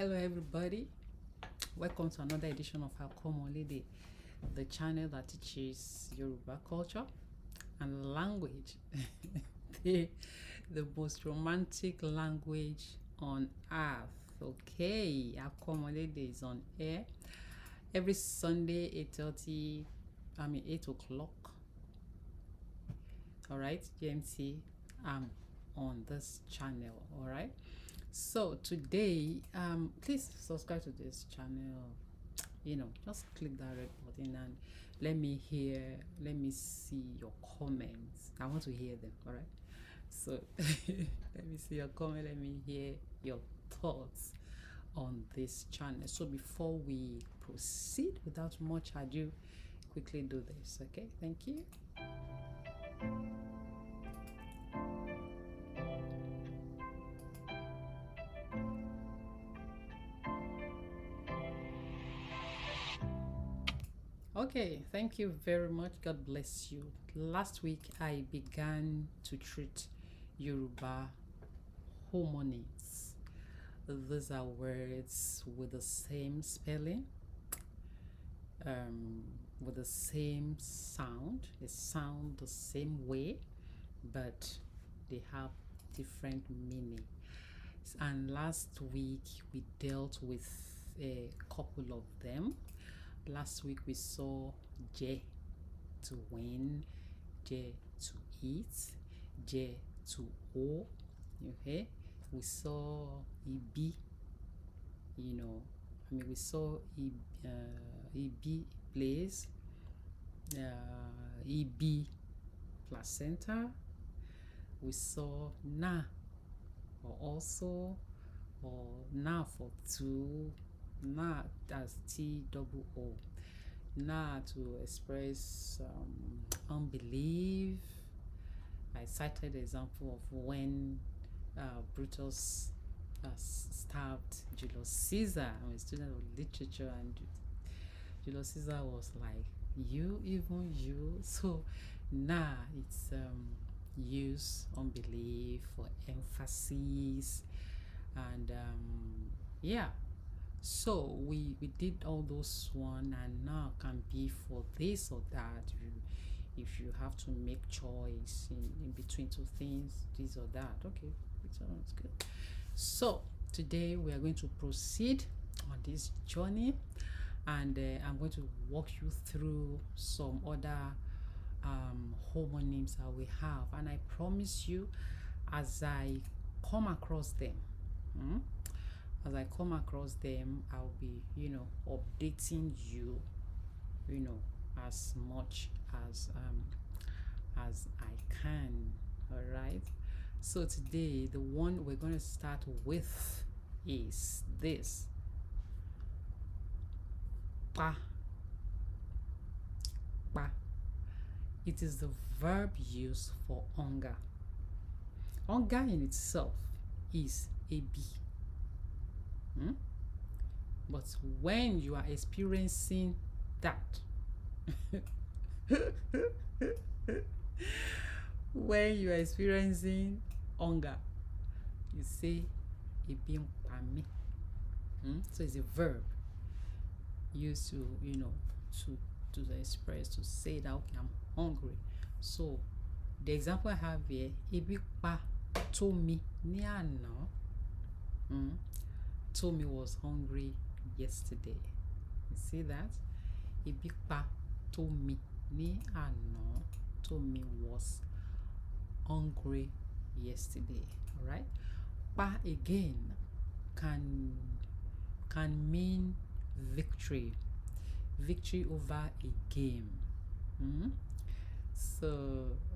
hello everybody welcome to another edition of Lady, the channel that teaches yoruba culture and language the, the most romantic language on earth okay Lady is on air every sunday 8 30 i mean 8 o'clock all right gmt i'm on this channel all right so today um please subscribe to this channel you know just click that red button and let me hear let me see your comments i want to hear them all right so let me see your comment let me hear your thoughts on this channel so before we proceed without much ado quickly do this okay thank you Okay, thank you very much. God bless you. Last week I began to treat Yoruba homonyms. These are words with the same spelling, um, with the same sound. They sound the same way, but they have different meaning. And last week we dealt with a couple of them last week we saw J to win, J to eat, J to O. Okay, we saw EB, you know, I mean, we saw EB, uh, EB place, uh, EB placenta, we saw na or also or now for two na as T double O. Na to express um, unbelief. I cited example of when uh, Brutus uh, stabbed Julius Caesar. I'm a student of literature, and Julius Caesar was like, "You, even you." So now it's um, use unbelief for emphasis, and um, yeah, so we we did all those one and now can be for this or that you, if you have to make choice in, in between two things this or that okay sounds good so today we are going to proceed on this journey and uh, i'm going to walk you through some other um, homonyms that we have and i promise you as i come across them hmm, as I come across them, I'll be, you know, updating you, you know, as much as um, as I can. All right. So today, the one we're going to start with is this. Pa. Pa. It is the verb used for hunger. Hunger in itself is a bee Hmm? But when you are experiencing that, when you are experiencing hunger, you say, Ebi pa mí. Hmm? So it's a verb used to, you know, to to express to say that okay, I'm hungry. So the example I have here, ebi pa tó me, ní Hmm? Tommy was hungry yesterday. You see that? Ebi pa Tommy ní àná. Tommy was hungry yesterday. Alright? Pa again can can mean victory. Victory over a game. -hmm. So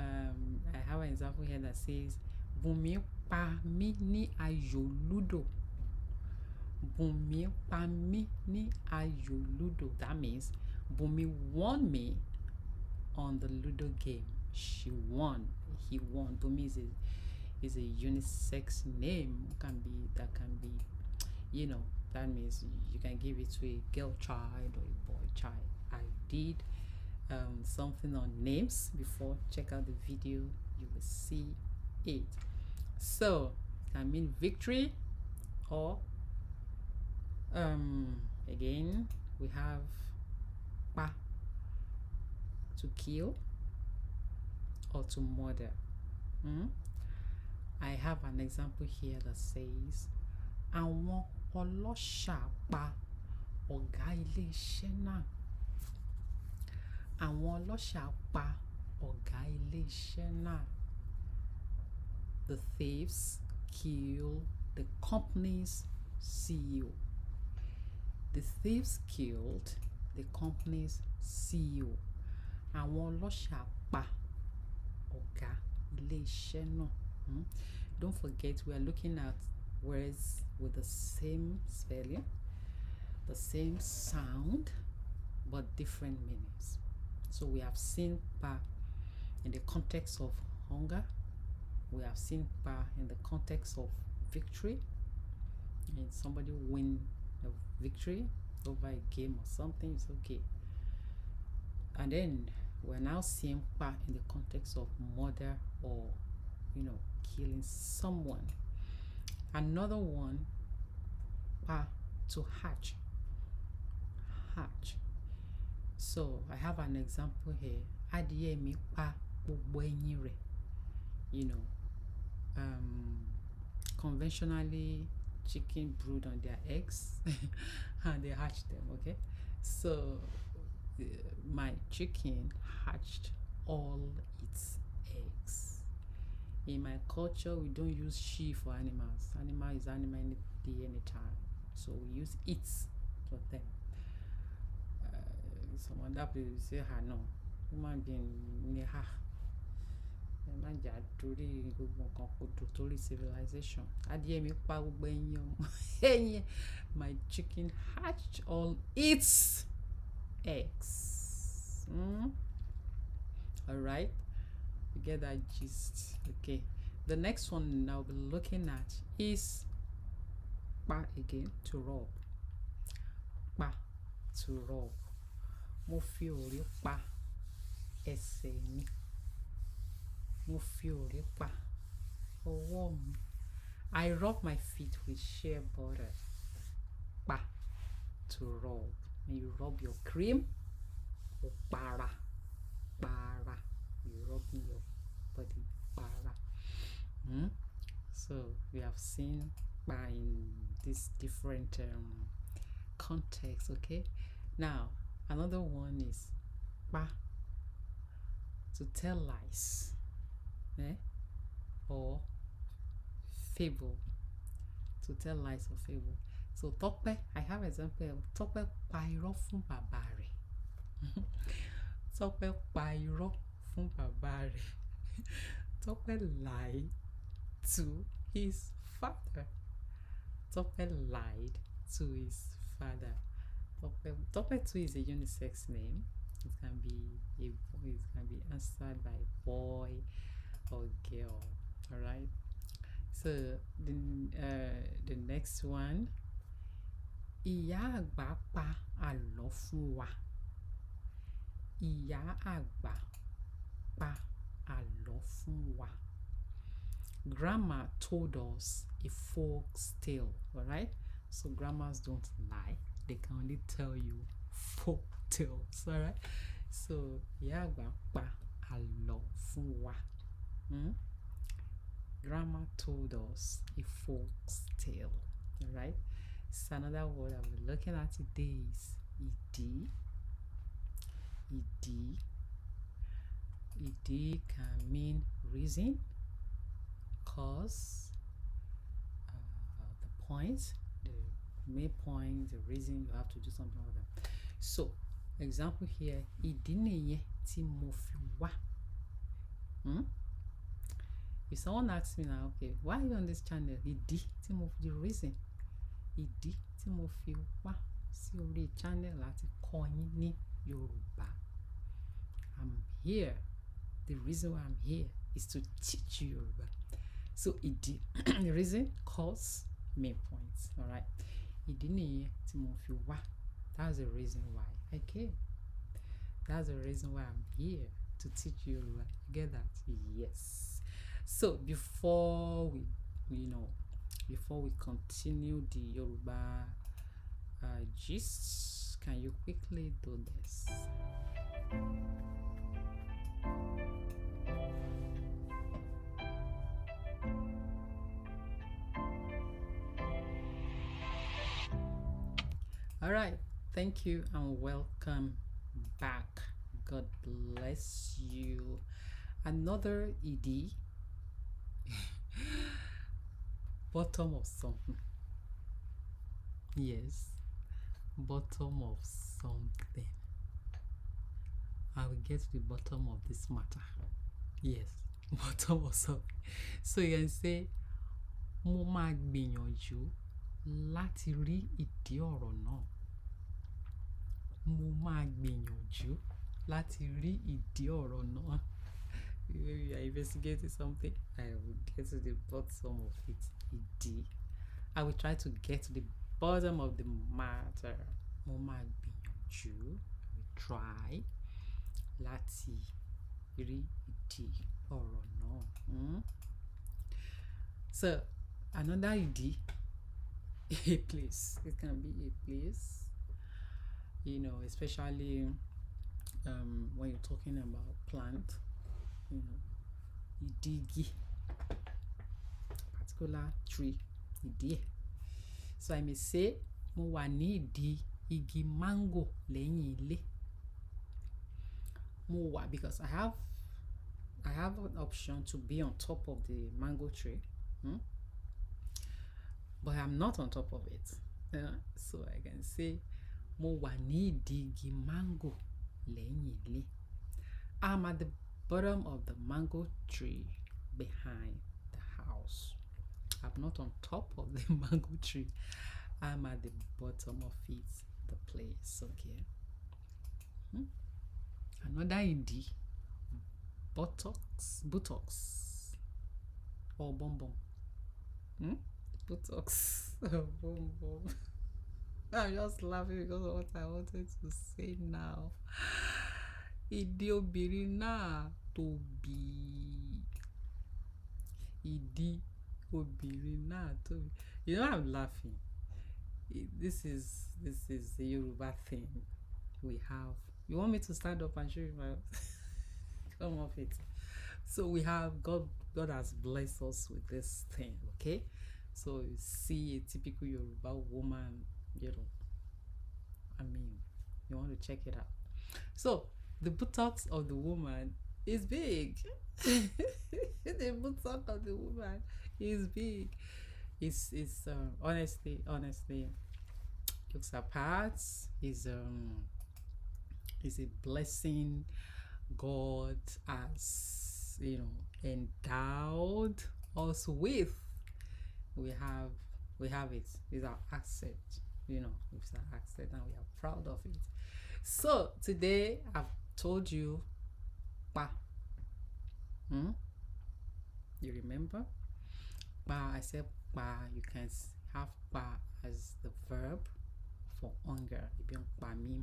um, I have an example here that says Bumi pa mi ni ayo ludo. Bumi Pami Ni Ayo Ludo. That means bumi won me on the Ludo game. She won. He won. Bumi is a, is a unisex name. Can be that can be, you know, that means you can give it to a girl child or a boy child. I did um, something on names before. Check out the video. You will see it. So I mean victory or um, again, we have pa to kill or to murder. Mm? I have an example here that says àwọn ọlọ́ṣà pa ọ̀gá ilé iṣẹ́ náà. Àwọn ọlọ́ṣà pa ọ̀gá ilé iṣẹ́ náà. The thieves kill the company's CEO the thieves killed the company's CEO àwọn ọlọ́ṣà pa ọ̀gá ilé iṣẹ́ náà hmm. don't forget we are looking at words with the same spelling the same sound but different meanings so we have seen pa in the context of hunger we have seen pa in the context of victory and somebody win victory over a game or something is okay and then we're now seeing part in the context of murder or you know killing someone another one pa ah, to hatch hatch so i have an example here adìyẹ mi pa gbogbo you know um, conventionally chicken brood on their eggs and they hatch them okay so uh, my chicken hatched all its eggs in my culture we don't use she for animals animal is animal any day anytime so we use it for them uh, that will say her ah, no human being near ah. her ẹ má jà torí gbogbo nǹkan kò torí civilization adìẹ mi pa gbogbo ẹyin ọmọ ẹyin my chicken hatch all its eggs mm? right. you get that gist okay the next one i'll be looking at is pa again to rub pa to rub mo fi òrí pa ẹsẹ̀ mi mo fi òrí pa ọwọ́ mi I rub my feet with shea butter pa to rub when you rub your cream o para para you rub your body para hmm? so we have seen pa in these different um, contexts okay now another one is pa to tell lies eh? or fable to tell lies or fable so Tọ́pẹ́ I have example Tọ́pẹ́ pa irọ́ fún bàbá rẹ̀ Tọ́pẹ́ pa irọ́ fún lied to his father Tọ́pẹ́ lied to his father Tọ́pẹ́ Tọ́pẹ́ too is a unisex name it can be a boy it can be answered by boy or girl all right so the, uh, the next one ìyá àgbà pa àlọ́ fún wa ìyá àgbà pa àlọ́ fún wa grandma told us a folk tale all right so grandmas don't lie they can only tell you folk tales all right so ìyá àgbà pa àlọ́ fún wa. Hmm? Grandma told us a folk tale. All right. It's another word i we're looking at today is ed. Ed. Ed can mean reason, cause, uh, the point, the main point, the reason you have to do something with them. So, example here, ìdí nìyẹn tí mo fi wá. Hmm? if someone asks me now okay why are you on this channel ìdí tí mo fi the reason ìdí tí mo fi wá sí orí channel láti kọ́ yín ní Yorùbá I'm here the reason why I'm here is to teach you Yorùbá so ìdí the reason cause main point alright ìdí nìyẹn tí mo fi wá that's the reason why I came that's the reason why I'm here to teach you Yorùbá you get that yes. So before we, you know, before we continue the Yoruba uh, gist, can you quickly do this? All right, thank you and welcome back. God bless you. Another ED bottom of something yes bottom of something I will get to the bottom of this matter yes bottom of something so you can say mo máa gbìyànjú láti rí ìdí ọ̀rọ̀ náà mo máa gbìyànjú láti rí ìdí ọ̀rọ̀ náà. maybe I investigated something, I will get to the bottom of it. Ìdí. I will try to get to the bottom of the matter. Mo be gbìyànjú. I will try láti rí ìdí or náà. Hmm? So, another ìdí, a place. It can be a place, you know, especially um, when you're talking about plant. you know ìdí igi particular tree ìdí so I may say mo wà ní ìdí igi mango lẹ́yìn ilé mo wa because I have I have an option to be on top of the mango tree hmm? but I'm not on top of it you so I can say mo wà ní ìdí igi mango lẹ́yìn ilé I'm at the bottom of the mango tree behind the house. I'm not on top of the mango tree. I'm at the bottom of it, the place, okay? Hmm? Another ID, buttocks, buttocks, or bonbon. Hmm? Buttocks, bonbon. I'm just laughing because of what I wanted to say now. Ìdí obìnrin náà tóbi. Ìdí obìnrin náà tóbi. You know I'm laughing. This is this is the Yoruba thing we have. You want me to stand up and show you my come off it. So we have God God has blessed us with this thing, okay? So you see a typical Yoruba woman, you know. I mean, you want to check it out. So the buttocks of the woman is big. the buttocks of the woman is big. It's it's um, honestly honestly looks apart is um is a blessing God has you know endowed us with. We have we have it. It's our asset. You know, it's our asset and we are proud of it. So today I've Told you. pa. Hmm? You remember? Pa, I said pa. You can have pa as the verb for hunger. Ibion ba mean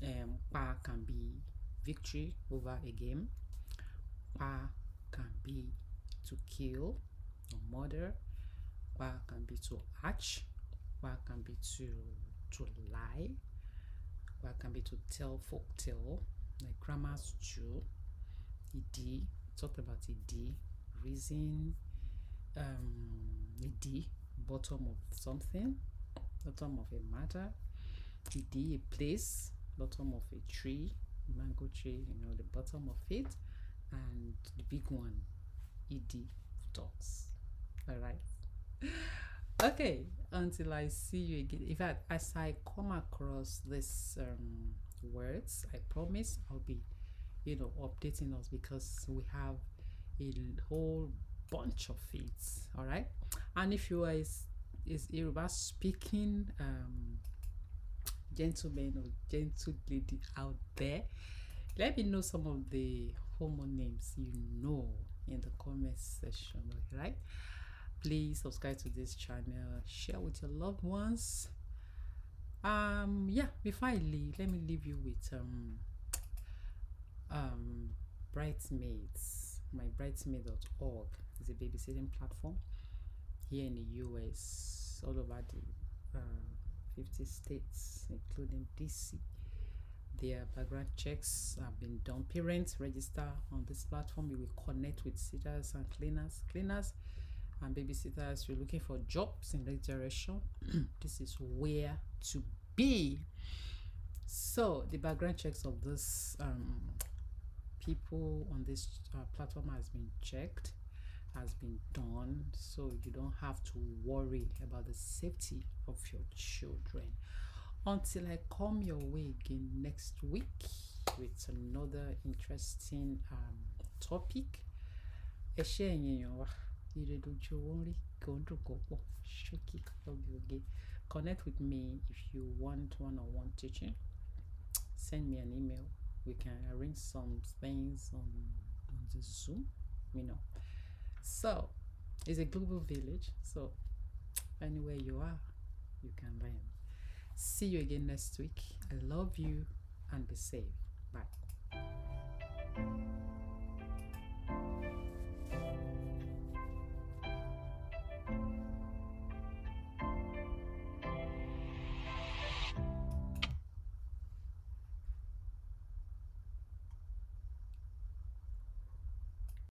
um, pa can be victory over a game. Pa can be to kill or murder. Pa can be to hatch. Pa can be to to lie. Pa can be to tell folk tale like grammar stew, ED, talked about ED, reason, um, ED, bottom of something, bottom of a matter, ED, a place, bottom of a tree, mango tree, you know, the bottom of it, and the big one, ED, dogs. All right. okay, until I see you again. In fact, as I come across this, um, words. I promise I'll be, you know, updating us because we have a whole bunch of feeds. All right. And if you are is, is Yoruba speaking um, gentlemen or gentle lady out there, let me know some of the homonyms you know in the comment section. All right. Please subscribe to this channel, share with your loved ones um yeah before i leave let me leave you with um um bridesmaids my bridesmaid.org is a babysitting platform here in the us all over the um, 50 states including dc their background checks have been done parents register on this platform you will connect with sitters and cleaners cleaners and babysitters you're looking for jobs in this direction this is where to be. So the background checks of this um, people on this uh, platform has been checked, has been done, so you don't have to worry about the safety of your children. Until I come your way again next week with another interesting um, topic. ire dojú owó rí kí ó dùn kó pọ̀ oge. Connect with me if you want one on one teaching. Send me an email. We can arrange some things on, on the Zoom, you know. So it's a global village. So anywhere you are, you can learn. See you again next week. I love you and be safe. Bye.